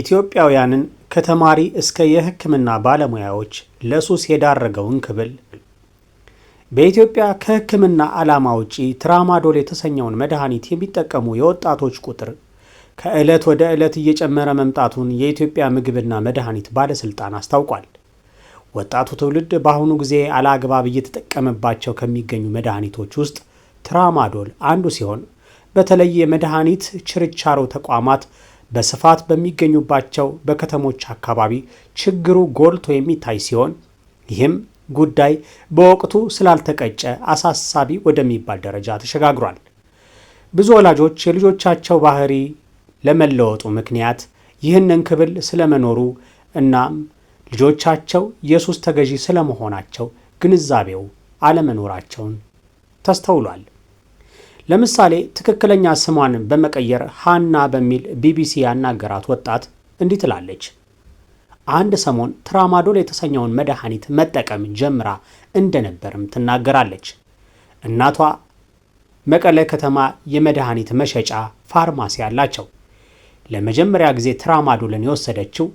ኢትዮጵያውያንን ከተማሪ እስከ የሕክምና ባለሙያዎች ለሱስ የዳረገውን ክብል በኢትዮጵያ ከሕክምና ዓላማ ውጪ ትራማዶል የተሰኘውን መድኃኒት የሚጠቀሙ የወጣቶች ቁጥር ከዕለት ወደ ዕለት እየጨመረ መምጣቱን የኢትዮጵያ ምግብና መድኃኒት ባለሥልጣን አስታውቋል። ወጣቱ ትውልድ በአሁኑ ጊዜ አላግባብ እየተጠቀመባቸው ከሚገኙ መድኃኒቶች ውስጥ ትራማዶል አንዱ ሲሆን በተለይ የመድኃኒት ችርቻሮ ተቋማት በስፋት በሚገኙባቸው በከተሞች አካባቢ ችግሩ ጎልቶ የሚታይ ሲሆን ይህም ጉዳይ በወቅቱ ስላልተቀጨ አሳሳቢ ወደሚባል ደረጃ ተሸጋግሯል። ብዙ ወላጆች የልጆቻቸው ባህሪ ለመለወጡ ምክንያት ይህንን ክብል ስለመኖሩ እናም ልጆቻቸው የሱስ ተገዢ ስለመሆናቸው ግንዛቤው አለመኖራቸውን ተስተውሏል። ለምሳሌ ትክክለኛ ስሟን በመቀየር ሃና በሚል ቢቢሲ ያናገራት ወጣት እንዲህ ትላለች። አንድ ሰሞን ትራማዶል የተሰኘውን መድኃኒት መጠቀም ጀምራ እንደነበርም ትናገራለች። እናቷ መቀለ ከተማ የመድኃኒት መሸጫ ፋርማሲ አላቸው። ለመጀመሪያ ጊዜ ትራማዶልን የወሰደችው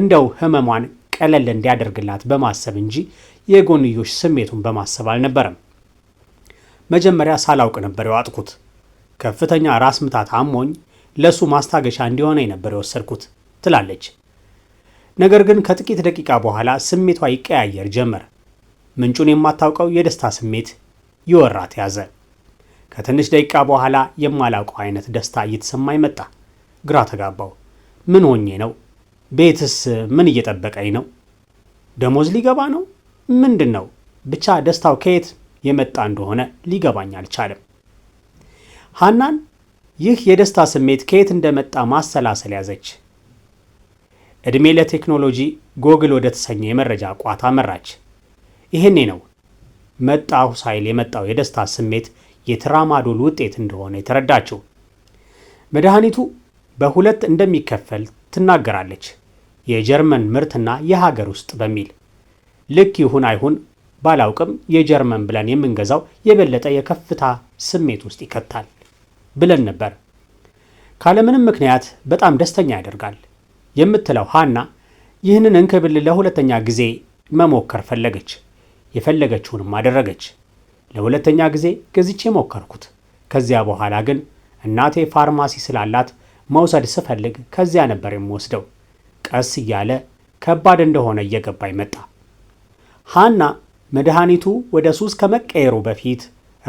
እንደው ህመሟን ቀለል እንዲያደርግላት በማሰብ እንጂ የጎንዮሽ ስሜቱን በማሰብ አልነበረም። መጀመሪያ ሳላውቅ ነበር የዋጥኩት። ከፍተኛ ራስ ምታት አሞኝ ለሱ ማስታገሻ እንዲሆነኝ ነበር የወሰድኩት ትላለች። ነገር ግን ከጥቂት ደቂቃ በኋላ ስሜቷ ይቀያየር ጀመር። ምንጩን የማታውቀው የደስታ ስሜት ይወራት ያዘ። ከትንሽ ደቂቃ በኋላ የማላውቀው አይነት ደስታ እየተሰማኝ መጣ። ግራ ተጋባው። ምን ሆኜ ነው? ቤትስ ምን እየጠበቀኝ ነው? ደሞዝ ሊገባ ነው? ምንድን ነው? ብቻ ደስታው ከየት የመጣ እንደሆነ ሊገባኝ አልቻለም። ሀናን ይህ የደስታ ስሜት ከየት እንደመጣ ማሰላሰል ያዘች። ዕድሜ ለቴክኖሎጂ ጎግል ወደ ተሰኘ የመረጃ ቋት አመራች። ይህኔ ነው መጣሁ ሳይል የመጣው የደስታ ስሜት የትራማዶል ውጤት እንደሆነ የተረዳችው። መድኃኒቱ በሁለት እንደሚከፈል ትናገራለች፣ የጀርመን ምርትና የሀገር ውስጥ በሚል ልክ ይሁን አይሁን ባላውቅም የጀርመን ብለን የምንገዛው የበለጠ የከፍታ ስሜት ውስጥ ይከታል ብለን ነበር። ካለምንም ምክንያት በጣም ደስተኛ ያደርጋል የምትለው ሃና ይህንን እንክብል ለሁለተኛ ጊዜ መሞከር ፈለገች። የፈለገችውንም አደረገች። ለሁለተኛ ጊዜ ገዝቼ ሞከርኩት። ከዚያ በኋላ ግን እናቴ ፋርማሲ ስላላት መውሰድ ስፈልግ ከዚያ ነበር የምወስደው። ቀስ እያለ ከባድ እንደሆነ እየገባኝ መጣ። ሃና መድኃኒቱ ወደ ሱስ ከመቀየሩ በፊት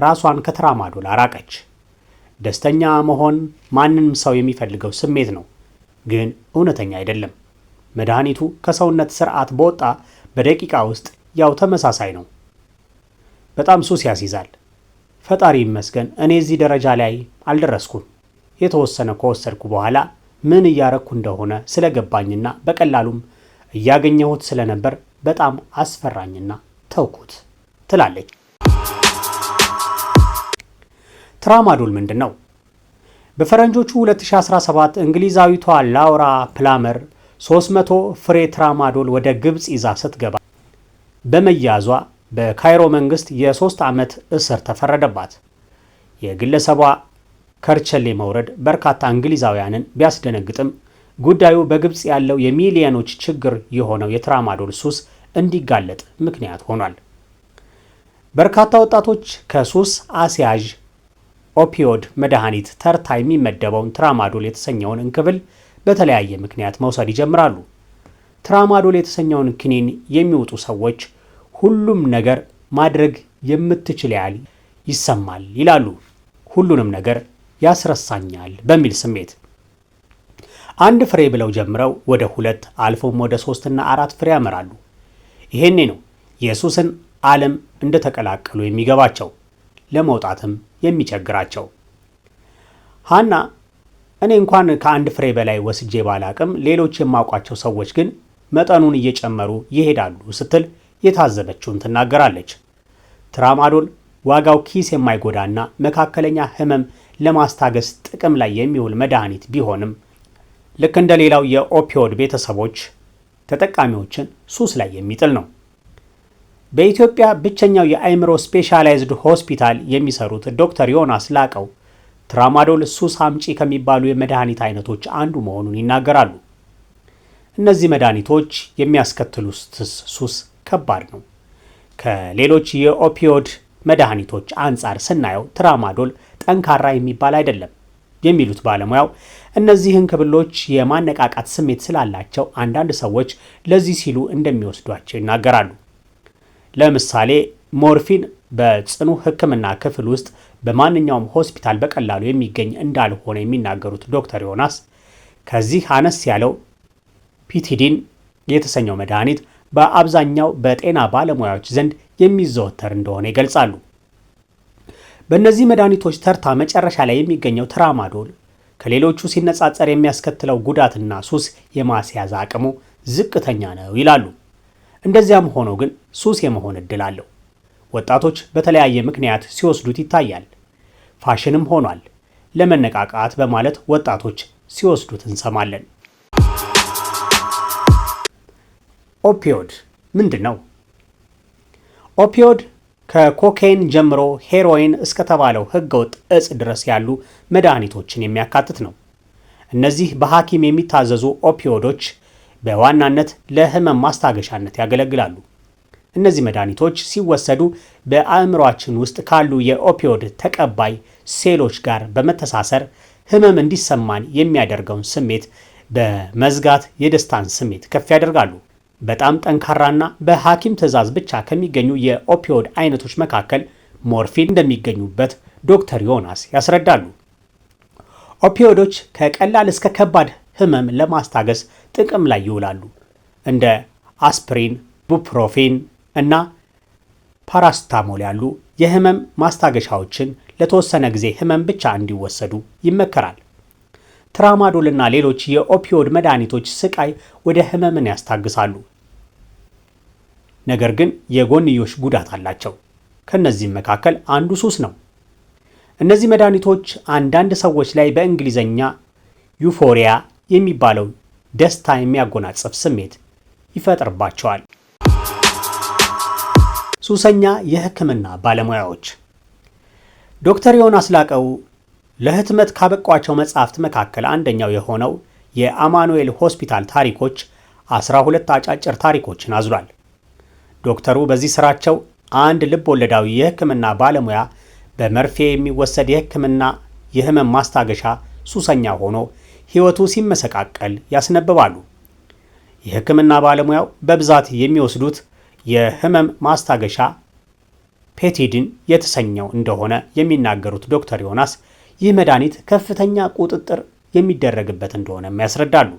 ራሷን ከትራማዶ ላራቀች። ደስተኛ መሆን ማንም ሰው የሚፈልገው ስሜት ነው፣ ግን እውነተኛ አይደለም። መድኃኒቱ ከሰውነት ስርዓት በወጣ በደቂቃ ውስጥ ያው ተመሳሳይ ነው። በጣም ሱስ ያስይዛል። ፈጣሪ ይመስገን እኔ እዚህ ደረጃ ላይ አልደረስኩም። የተወሰነ ከወሰድኩ በኋላ ምን እያረግኩ እንደሆነ ስለገባኝና በቀላሉም እያገኘሁት ስለነበር በጣም አስፈራኝና ተውኩት ትላለች። ትራማዶል ምንድን ነው? በፈረንጆቹ 2017 እንግሊዛዊቷ ላውራ ፕላመር 300 ፍሬ ትራማዶል ወደ ግብፅ ይዛ ስትገባ በመያዟ በካይሮ መንግስት የሶስት ዓመት እስር ተፈረደባት። የግለሰቧ ከርቸሌ መውረድ በርካታ እንግሊዛውያንን ቢያስደነግጥም ጉዳዩ በግብፅ ያለው የሚሊዮኖች ችግር የሆነው የትራማዶል ሱስ እንዲጋለጥ ምክንያት ሆኗል። በርካታ ወጣቶች ከሱስ አስያዥ ኦፒዮድ መድኃኒት ተርታ የሚመደበውን ትራማዶል የተሰኘውን እንክብል በተለያየ ምክንያት መውሰድ ይጀምራሉ። ትራማዶል የተሰኘውን ክኒን የሚውጡ ሰዎች ሁሉም ነገር ማድረግ የምትችል ያህል ይሰማል ይላሉ። ሁሉንም ነገር ያስረሳኛል በሚል ስሜት አንድ ፍሬ ብለው ጀምረው ወደ ሁለት አልፎም ወደ ሶስትና አራት ፍሬ ያመራሉ። ይሄኔ ነው ኢየሱስን ዓለም እንደተቀላቀሉ የሚገባቸው ለመውጣትም የሚቸግራቸው። ሐና እኔ እንኳን ከአንድ ፍሬ በላይ ወስጄ ባላቅም ሌሎች የማውቋቸው ሰዎች ግን መጠኑን እየጨመሩ ይሄዳሉ ስትል የታዘበችውን ትናገራለች። ትራማዶል ዋጋው ኪስ የማይጎዳና መካከለኛ ህመም ለማስታገስ ጥቅም ላይ የሚውል መድኃኒት ቢሆንም ልክ እንደ ሌላው የኦፒዮድ ቤተሰቦች ተጠቃሚዎችን ሱስ ላይ የሚጥል ነው። በኢትዮጵያ ብቸኛው የአእምሮ ስፔሻላይዝድ ሆስፒታል የሚሰሩት ዶክተር ዮናስ ላቀው ትራማዶል ሱስ አምጪ ከሚባሉ የመድኃኒት አይነቶች አንዱ መሆኑን ይናገራሉ። እነዚህ መድኃኒቶች የሚያስከትሉት ሱስ ከባድ ነው። ከሌሎች የኦፒዮድ መድኃኒቶች አንጻር ስናየው ትራማዶል ጠንካራ የሚባል አይደለም። የሚሉት ባለሙያው እነዚህን ክብሎች የማነቃቃት ስሜት ስላላቸው አንዳንድ ሰዎች ለዚህ ሲሉ እንደሚወስዷቸው ይናገራሉ። ለምሳሌ ሞርፊን በጽኑ ሕክምና ክፍል ውስጥ በማንኛውም ሆስፒታል በቀላሉ የሚገኝ እንዳልሆነ የሚናገሩት ዶክተር ዮናስ ከዚህ አነስ ያለው ፒቲዲን የተሰኘው መድኃኒት በአብዛኛው በጤና ባለሙያዎች ዘንድ የሚዘወተር እንደሆነ ይገልጻሉ። በእነዚህ መድኃኒቶች ተርታ መጨረሻ ላይ የሚገኘው ትራማዶል ከሌሎቹ ሲነጻጸር የሚያስከትለው ጉዳትና ሱስ የማስያዝ አቅሙ ዝቅተኛ ነው ይላሉ። እንደዚያም ሆኖ ግን ሱስ የመሆን እድል አለው። ወጣቶች በተለያየ ምክንያት ሲወስዱት ይታያል። ፋሽንም ሆኗል። ለመነቃቃት በማለት ወጣቶች ሲወስዱት እንሰማለን። ኦፒዮድ ምንድን ነው? ኦፒዮድ ከኮኬይን ጀምሮ ሄሮይን እስከተባለው ህገወጥ እጽ ድረስ ያሉ መድኃኒቶችን የሚያካትት ነው። እነዚህ በሐኪም የሚታዘዙ ኦፒዮዶች በዋናነት ለህመም ማስታገሻነት ያገለግላሉ። እነዚህ መድኃኒቶች ሲወሰዱ በአእምሯችን ውስጥ ካሉ የኦፒዮድ ተቀባይ ሴሎች ጋር በመተሳሰር ህመም እንዲሰማን የሚያደርገውን ስሜት በመዝጋት የደስታን ስሜት ከፍ ያደርጋሉ። በጣም ጠንካራና በሐኪም ትዕዛዝ ብቻ ከሚገኙ የኦፒዮድ አይነቶች መካከል ሞርፊን እንደሚገኙበት ዶክተር ዮናስ ያስረዳሉ። ኦፒዮዶች ከቀላል እስከ ከባድ ህመም ለማስታገስ ጥቅም ላይ ይውላሉ። እንደ አስፕሪን፣ ቡፕሮፊን እና ፓራስታሞል ያሉ የህመም ማስታገሻዎችን ለተወሰነ ጊዜ ህመም ብቻ እንዲወሰዱ ይመከራል። ትራማዶልና ሌሎች የኦፒዮድ መድኃኒቶች ስቃይ ወደ ህመምን ያስታግሳሉ። ነገር ግን የጎንዮሽ ጉዳት አላቸው። ከእነዚህም መካከል አንዱ ሱስ ነው። እነዚህ መድኃኒቶች አንዳንድ ሰዎች ላይ በእንግሊዝኛ ዩፎሪያ የሚባለው ደስታ የሚያጎናጽፍ ስሜት ይፈጥርባቸዋል። ሱሰኛ የሕክምና ባለሙያዎች ዶክተር ዮናስ ላቀው ለህትመት ካበቋቸው መጻሕፍት መካከል አንደኛው የሆነው የአማኑኤል ሆስፒታል ታሪኮች 12 አጫጭር ታሪኮችን አዝሏል። ዶክተሩ በዚህ ስራቸው አንድ ልብ ወለዳዊ የህክምና ባለሙያ በመርፌ የሚወሰድ የህክምና የህመም ማስታገሻ ሱሰኛ ሆኖ ህይወቱ ሲመሰቃቀል ያስነብባሉ። የህክምና ባለሙያው በብዛት የሚወስዱት የህመም ማስታገሻ ፔቲድን የተሰኘው እንደሆነ የሚናገሩት ዶክተር ዮናስ ይህ መድኃኒት ከፍተኛ ቁጥጥር የሚደረግበት እንደሆነም ያስረዳሉ።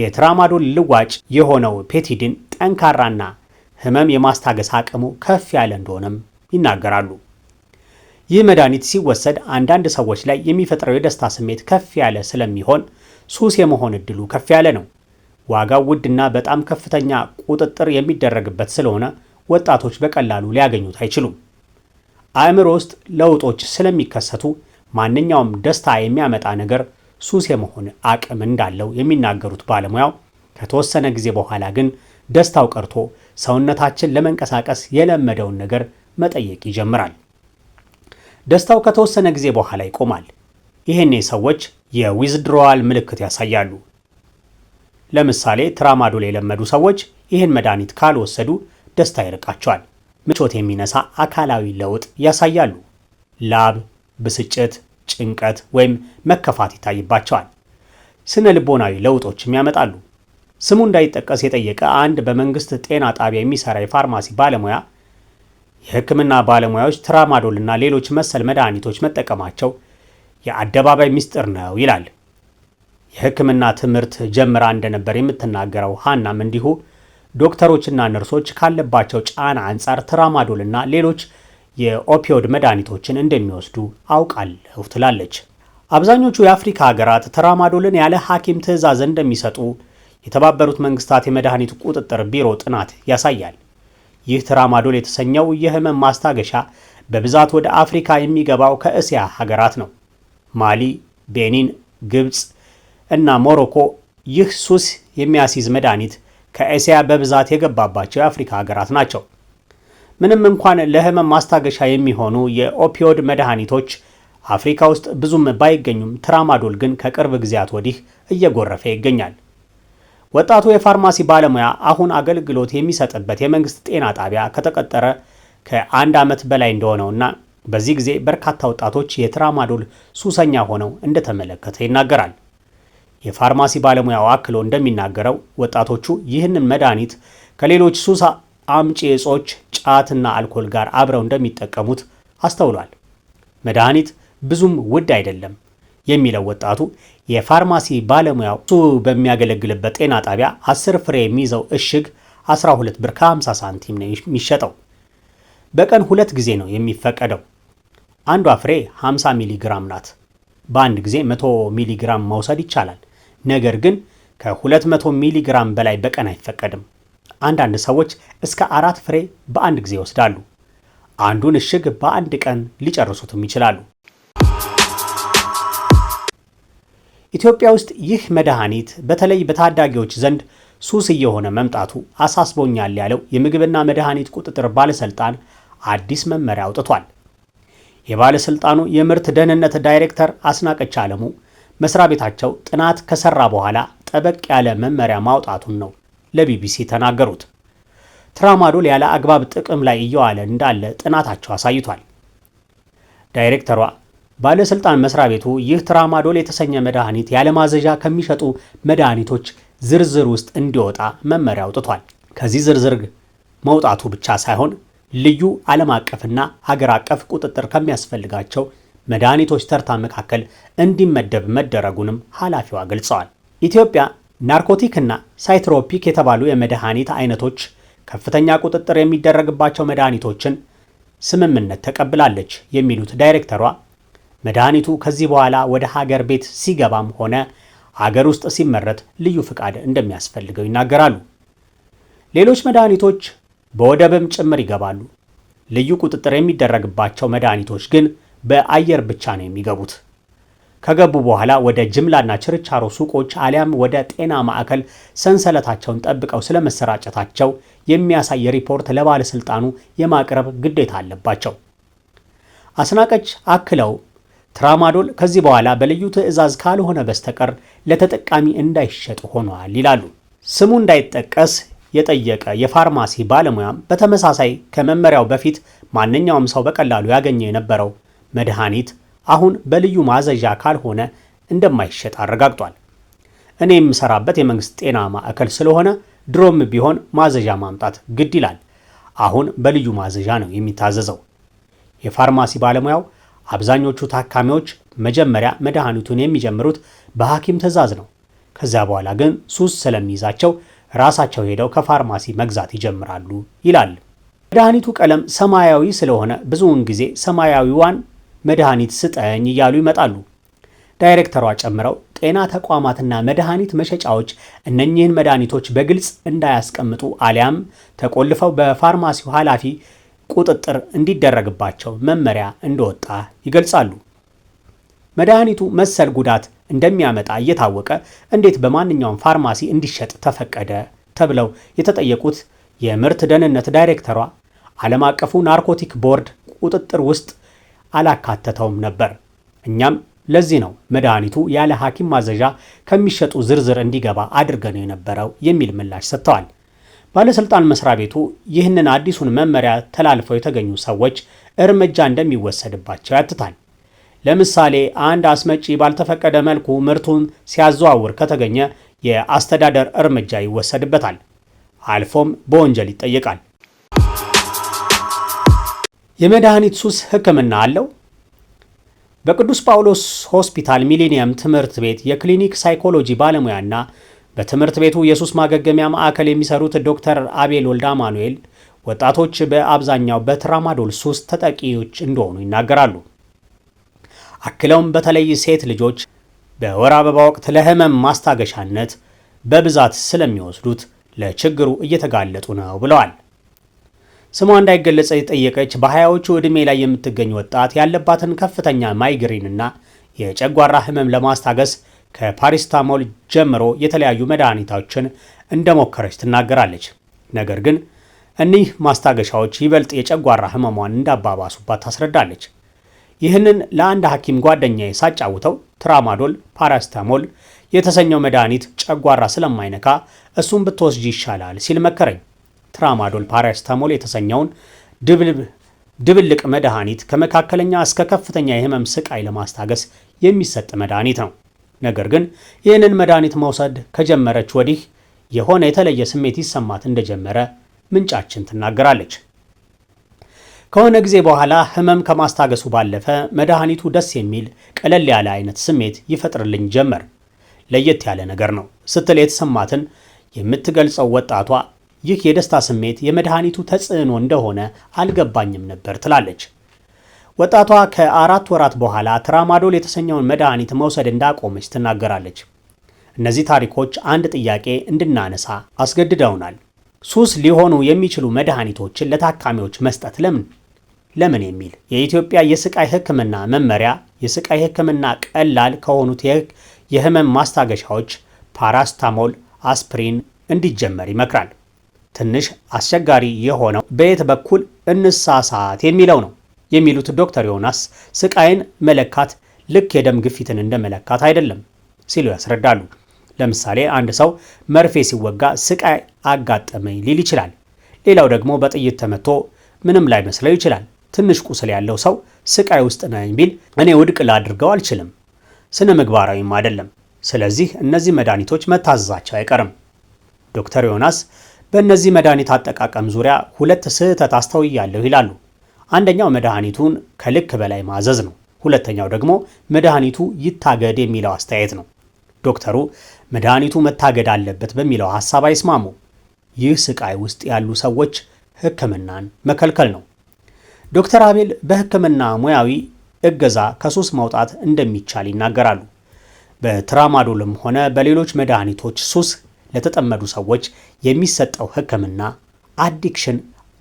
የትራማዶል ልዋጭ የሆነው ፔቲድን ጠንካራና ህመም የማስታገስ አቅሙ ከፍ ያለ እንደሆነም ይናገራሉ። ይህ መድኃኒት ሲወሰድ አንዳንድ ሰዎች ላይ የሚፈጥረው የደስታ ስሜት ከፍ ያለ ስለሚሆን ሱስ የመሆን እድሉ ከፍ ያለ ነው። ዋጋው ውድና በጣም ከፍተኛ ቁጥጥር የሚደረግበት ስለሆነ ወጣቶች በቀላሉ ሊያገኙት አይችሉም። አእምሮ ውስጥ ለውጦች ስለሚከሰቱ ማንኛውም ደስታ የሚያመጣ ነገር ሱስ የመሆን አቅም እንዳለው የሚናገሩት ባለሙያው ከተወሰነ ጊዜ በኋላ ግን ደስታው ቀርቶ ሰውነታችን ለመንቀሳቀስ የለመደውን ነገር መጠየቅ ይጀምራል። ደስታው ከተወሰነ ጊዜ በኋላ ይቆማል። ይህኔ ሰዎች የዊዝድሮዋል ምልክት ያሳያሉ። ለምሳሌ ትራማዶል የለመዱ ሰዎች ይህን መድኃኒት ካልወሰዱ ደስታ ይርቃቸዋል። ምቾት የሚነሳ አካላዊ ለውጥ ያሳያሉ። ላብ፣ ብስጭት፣ ጭንቀት ወይም መከፋት ይታይባቸዋል። ስነ ልቦናዊ ለውጦችም ያመጣሉ። ስሙ እንዳይጠቀስ የጠየቀ አንድ በመንግስት ጤና ጣቢያ የሚሰራ የፋርማሲ ባለሙያ የሕክምና ባለሙያዎች ትራማዶልና ሌሎች መሰል መድኃኒቶች መጠቀማቸው የአደባባይ ምስጢር ነው ይላል። የሕክምና ትምህርት ጀምራ እንደነበር የምትናገረው ሀናም እንዲሁ ዶክተሮችና ነርሶች ካለባቸው ጫና አንጻር ትራማዶልና ሌሎች የኦፒዮድ መድኃኒቶችን እንደሚወስዱ አውቃለሁ ትላለች። አብዛኞቹ የአፍሪካ ሀገራት ትራማዶልን ያለ ሐኪም ትዕዛዝ እንደሚሰጡ የተባበሩት መንግስታት የመድኃኒት ቁጥጥር ቢሮ ጥናት ያሳያል። ይህ ትራማዶል የተሰኘው የህመም ማስታገሻ በብዛት ወደ አፍሪካ የሚገባው ከእስያ ሀገራት ነው። ማሊ፣ ቤኒን፣ ግብፅ እና ሞሮኮ ይህ ሱስ የሚያስይዝ መድኃኒት ከእስያ በብዛት የገባባቸው የአፍሪካ ሀገራት ናቸው። ምንም እንኳን ለህመም ማስታገሻ የሚሆኑ የኦፒዮድ መድኃኒቶች አፍሪካ ውስጥ ብዙም ባይገኙም ትራማዶል ግን ከቅርብ ጊዜያት ወዲህ እየጎረፈ ይገኛል። ወጣቱ የፋርማሲ ባለሙያ አሁን አገልግሎት የሚሰጥበት የመንግስት ጤና ጣቢያ ከተቀጠረ ከአንድ ዓመት በላይ እንደሆነውና በዚህ ጊዜ በርካታ ወጣቶች የትራማዶል ሱሰኛ ሆነው እንደተመለከተ ይናገራል። የፋርማሲ ባለሙያው አክሎ እንደሚናገረው ወጣቶቹ ይህንን መድኃኒት ከሌሎች ሱስ አምጪ እጾች፣ ጫትና አልኮል ጋር አብረው እንደሚጠቀሙት አስተውሏል። መድኃኒት ብዙም ውድ አይደለም። የሚለው ወጣቱ የፋርማሲ ባለሙያው እሱ በሚያገለግልበት ጤና ጣቢያ 10 ፍሬ የሚይዘው እሽግ 12 ብር ከ50 ሳንቲም ነው የሚሸጠው። በቀን ሁለት ጊዜ ነው የሚፈቀደው። አንዷ ፍሬ 50 ሚሊ ግራም ናት። በአንድ ጊዜ 100 ሚሊ ግራም መውሰድ ይቻላል። ነገር ግን ከ200 ሚሊ ግራም በላይ በቀን አይፈቀድም። አንዳንድ ሰዎች እስከ አራት ፍሬ በአንድ ጊዜ ይወስዳሉ። አንዱን እሽግ በአንድ ቀን ሊጨርሱትም ይችላሉ። ኢትዮጵያ ውስጥ ይህ መድኃኒት በተለይ በታዳጊዎች ዘንድ ሱስ እየሆነ መምጣቱ አሳስቦኛል ያለው የምግብና መድኃኒት ቁጥጥር ባለስልጣን አዲስ መመሪያ አውጥቷል። የባለስልጣኑ የምርት ደህንነት ዳይሬክተር አስናቀች አለሙ መስሪያ ቤታቸው ጥናት ከሰራ በኋላ ጠበቅ ያለ መመሪያ ማውጣቱን ነው ለቢቢሲ ተናገሩት። ትራማዶል ያለ አግባብ ጥቅም ላይ እየዋለ እንዳለ ጥናታቸው አሳይቷል። ዳይሬክተሯ ባለስልጣን መስሪያ ቤቱ ይህ ትራማዶል የተሰኘ መድኃኒት ያለማዘዣ ከሚሸጡ መድኃኒቶች ዝርዝር ውስጥ እንዲወጣ መመሪያ አውጥቷል። ከዚህ ዝርዝር መውጣቱ ብቻ ሳይሆን ልዩ ዓለም አቀፍና አገር አቀፍ ቁጥጥር ከሚያስፈልጋቸው መድኃኒቶች ተርታ መካከል እንዲመደብ መደረጉንም ኃላፊዋ ገልጸዋል። ኢትዮጵያ ናርኮቲክና ሳይትሮፒክ የተባሉ የመድኃኒት አይነቶች ከፍተኛ ቁጥጥር የሚደረግባቸው መድኃኒቶችን ስምምነት ተቀብላለች የሚሉት ዳይሬክተሯ መድኃኒቱ ከዚህ በኋላ ወደ ሀገር ቤት ሲገባም ሆነ አገር ውስጥ ሲመረት ልዩ ፍቃድ እንደሚያስፈልገው ይናገራሉ። ሌሎች መድኃኒቶች በወደብም ጭምር ይገባሉ። ልዩ ቁጥጥር የሚደረግባቸው መድኃኒቶች ግን በአየር ብቻ ነው የሚገቡት። ከገቡ በኋላ ወደ ጅምላና ችርቻሮ ሱቆች አሊያም ወደ ጤና ማዕከል ሰንሰለታቸውን ጠብቀው ስለመሰራጨታቸው የሚያሳይ ሪፖርት ለባለስልጣኑ የማቅረብ ግዴታ አለባቸው። አስናቀች አክለው ትራማዶል ከዚህ በኋላ በልዩ ትዕዛዝ ካልሆነ በስተቀር ለተጠቃሚ እንዳይሸጥ ሆኗል ይላሉ። ስሙ እንዳይጠቀስ የጠየቀ የፋርማሲ ባለሙያም በተመሳሳይ ከመመሪያው በፊት ማንኛውም ሰው በቀላሉ ያገኘ የነበረው መድኃኒት አሁን በልዩ ማዘዣ ካልሆነ እንደማይሸጥ አረጋግጧል። እኔ የምሰራበት የመንግስት ጤና ማዕከል ስለሆነ ድሮም ቢሆን ማዘዣ ማምጣት ግድ ይላል። አሁን በልዩ ማዘዣ ነው የሚታዘዘው። የፋርማሲ ባለሙያው አብዛኞቹ ታካሚዎች መጀመሪያ መድኃኒቱን የሚጀምሩት በሐኪም ትዕዛዝ ነው። ከዚያ በኋላ ግን ሱስ ስለሚይዛቸው ራሳቸው ሄደው ከፋርማሲ መግዛት ይጀምራሉ ይላል። መድኃኒቱ ቀለም ሰማያዊ ስለሆነ ብዙውን ጊዜ ሰማያዊዋን መድኃኒት ስጠኝ እያሉ ይመጣሉ። ዳይሬክተሯ ጨምረው ጤና ተቋማትና መድኃኒት መሸጫዎች እነኚህን መድኃኒቶች በግልጽ እንዳያስቀምጡ አሊያም ተቆልፈው በፋርማሲው ኃላፊ ቁጥጥር እንዲደረግባቸው መመሪያ እንደወጣ ይገልጻሉ። መድኃኒቱ መሰል ጉዳት እንደሚያመጣ እየታወቀ እንዴት በማንኛውም ፋርማሲ እንዲሸጥ ተፈቀደ? ተብለው የተጠየቁት የምርት ደህንነት ዳይሬክተሯ ዓለም አቀፉ ናርኮቲክ ቦርድ ቁጥጥር ውስጥ አላካተተውም ነበር። እኛም ለዚህ ነው መድኃኒቱ ያለ ሐኪም ማዘዣ ከሚሸጡ ዝርዝር እንዲገባ አድርገን የነበረው የሚል ምላሽ ሰጥተዋል። ባለስልጣን መስሪያ ቤቱ ይህንን አዲሱን መመሪያ ተላልፈው የተገኙ ሰዎች እርምጃ እንደሚወሰድባቸው ያትታል። ለምሳሌ አንድ አስመጪ ባልተፈቀደ መልኩ ምርቱን ሲያዘዋውር ከተገኘ የአስተዳደር እርምጃ ይወሰድበታል፣ አልፎም በወንጀል ይጠየቃል። የመድኃኒት ሱስ ሕክምና አለው? በቅዱስ ጳውሎስ ሆስፒታል ሚሊኒየም ትምህርት ቤት የክሊኒክ ሳይኮሎጂ ባለሙያና በትምህርት ቤቱ የሱስ ማገገሚያ ማዕከል የሚሰሩት ዶክተር አቤል ወልዳ ማኑኤል ወጣቶች በአብዛኛው በትራማዶል ሱስ ተጠቂዎች እንደሆኑ ይናገራሉ። አክለውም በተለይ ሴት ልጆች በወር አበባ ወቅት ለህመም ማስታገሻነት በብዛት ስለሚወስዱት ለችግሩ እየተጋለጡ ነው ብለዋል። ስሟ እንዳይገለጸ የጠየቀች በሀያዎቹ ዕድሜ ላይ የምትገኝ ወጣት ያለባትን ከፍተኛ ማይግሪንና የጨጓራ ህመም ለማስታገስ ከፓሪስታሞል ጀምሮ የተለያዩ መድኃኒቶችን እንደሞከረች ትናገራለች። ነገር ግን እኒህ ማስታገሻዎች ይበልጥ የጨጓራ ህመሟን እንዳባባሱባት ታስረዳለች። ይህንን ለአንድ ሐኪም ጓደኛዬ ሳጫውተው ትራማዶል፣ ፓራስታሞል የተሰኘው መድኃኒት ጨጓራ ስለማይነካ እሱን ብትወስጅ ይሻላል ሲል መከረኝ። ትራማዶል ፓራስታሞል የተሰኘውን ድብልቅ መድኃኒት ከመካከለኛ እስከ ከፍተኛ የህመም ስቃይ ለማስታገስ የሚሰጥ መድኃኒት ነው። ነገር ግን ይህንን መድኃኒት መውሰድ ከጀመረች ወዲህ የሆነ የተለየ ስሜት ይሰማት እንደጀመረ ምንጫችን ትናገራለች። ከሆነ ጊዜ በኋላ ህመም ከማስታገሱ ባለፈ መድኃኒቱ ደስ የሚል ቀለል ያለ አይነት ስሜት ይፈጥርልኝ ጀመር፣ ለየት ያለ ነገር ነው ስትል የተሰማትን የምትገልጸው ወጣቷ ይህ የደስታ ስሜት የመድኃኒቱ ተጽዕኖ እንደሆነ አልገባኝም ነበር ትላለች። ወጣቷ ከአራት ወራት በኋላ ትራማዶል የተሰኘውን መድኃኒት መውሰድ እንዳቆመች ትናገራለች። እነዚህ ታሪኮች አንድ ጥያቄ እንድናነሳ አስገድደውናል። ሱስ ሊሆኑ የሚችሉ መድኃኒቶችን ለታካሚዎች መስጠት ለምን ለምን የሚል የኢትዮጵያ የስቃይ ሕክምና መመሪያ የስቃይ ሕክምና ቀላል ከሆኑት የህመም ማስታገሻዎች ፓራስታሞል፣ አስፕሪን እንዲጀመር ይመክራል። ትንሽ አስቸጋሪ የሆነው በየት በኩል እንሳሳት የሚለው ነው። የሚሉት ዶክተር ዮናስ ስቃይን መለካት ልክ የደም ግፊትን እንደ መለካት አይደለም ሲሉ ያስረዳሉ። ለምሳሌ አንድ ሰው መርፌ ሲወጋ ስቃይ አጋጠመኝ ሊል ይችላል። ሌላው ደግሞ በጥይት ተመቶ ምንም ላይ መስለው ይችላል። ትንሽ ቁስል ያለው ሰው ስቃይ ውስጥ ነኝ ቢል እኔ ውድቅ ላድርገው አልችልም፣ ስነ ምግባራዊም አይደለም። ስለዚህ እነዚህ መድኃኒቶች መታዘዛቸው አይቀርም። ዶክተር ዮናስ በእነዚህ መድኃኒት አጠቃቀም ዙሪያ ሁለት ስህተት አስተውያለሁ ይላሉ። አንደኛው መድኃኒቱን ከልክ በላይ ማዘዝ ነው። ሁለተኛው ደግሞ መድኃኒቱ ይታገድ የሚለው አስተያየት ነው። ዶክተሩ መድኃኒቱ መታገድ አለበት በሚለው ሐሳብ አይስማሙ። ይህ ስቃይ ውስጥ ያሉ ሰዎች ሕክምናን መከልከል ነው። ዶክተር አቤል በሕክምና ሙያዊ እገዛ ከሱስ መውጣት እንደሚቻል ይናገራሉ። በትራማዶልም ሆነ በሌሎች መድኃኒቶች ሱስ ለተጠመዱ ሰዎች የሚሰጠው ሕክምና አዲክሽን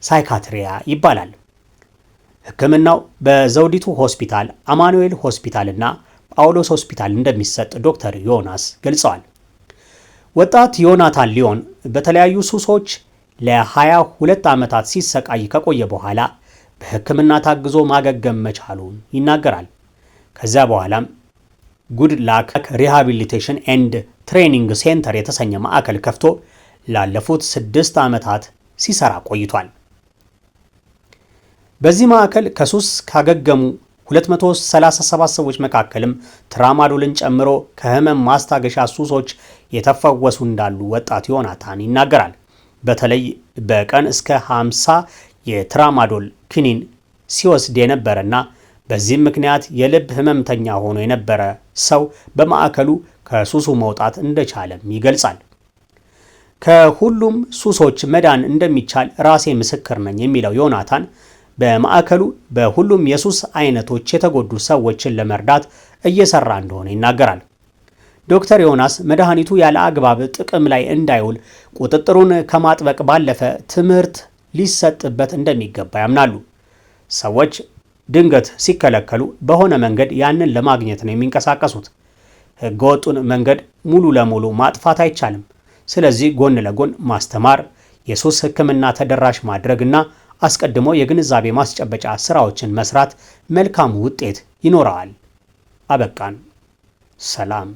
ሳይካትሪያ ይባላል። ሕክምናው በዘውዲቱ ሆስፒታል፣ አማኑኤል ሆስፒታልና ጳውሎስ ሆስፒታል እንደሚሰጥ ዶክተር ዮናስ ገልጸዋል። ወጣት ዮናታን ሊዮን በተለያዩ ሱሶች ለ22 ዓመታት ሲሰቃይ ከቆየ በኋላ በሕክምና ታግዞ ማገገም መቻሉን ይናገራል። ከዚያ በኋላም ጉድ ላክ ሪሃቢሊቴሽን ኤንድ ትሬኒንግ ሴንተር የተሰኘ ማዕከል ከፍቶ ላለፉት ስድስት ዓመታት ሲሰራ ቆይቷል። በዚህ ማዕከል ከሱስ ካገገሙ 237 ሰዎች መካከልም ትራማዶልን ጨምሮ ከህመም ማስታገሻ ሱሶች የተፈወሱ እንዳሉ ወጣት ዮናታን ይናገራል። በተለይ በቀን እስከ 50 የትራማዶል ክኒን ሲወስድ የነበረና በዚህም ምክንያት የልብ ህመምተኛ ሆኖ የነበረ ሰው በማዕከሉ ከሱሱ መውጣት እንደቻለም ይገልጻል። ከሁሉም ሱሶች መዳን እንደሚቻል ራሴ ምስክር ነኝ የሚለው ዮናታን በማዕከሉ በሁሉም የሱስ አይነቶች የተጎዱ ሰዎችን ለመርዳት እየሰራ እንደሆነ ይናገራል። ዶክተር ዮናስ መድኃኒቱ ያለ አግባብ ጥቅም ላይ እንዳይውል ቁጥጥሩን ከማጥበቅ ባለፈ ትምህርት ሊሰጥበት እንደሚገባ ያምናሉ። ሰዎች ድንገት ሲከለከሉ በሆነ መንገድ ያንን ለማግኘት ነው የሚንቀሳቀሱት። ህገወጡን መንገድ ሙሉ ለሙሉ ማጥፋት አይቻልም። ስለዚህ ጎን ለጎን ማስተማር፣ የሱስ ህክምና ተደራሽ ማድረግና አስቀድሞ የግንዛቤ ማስጨበጫ ስራዎችን መስራት መልካም ውጤት ይኖረዋል። አበቃን። ሰላም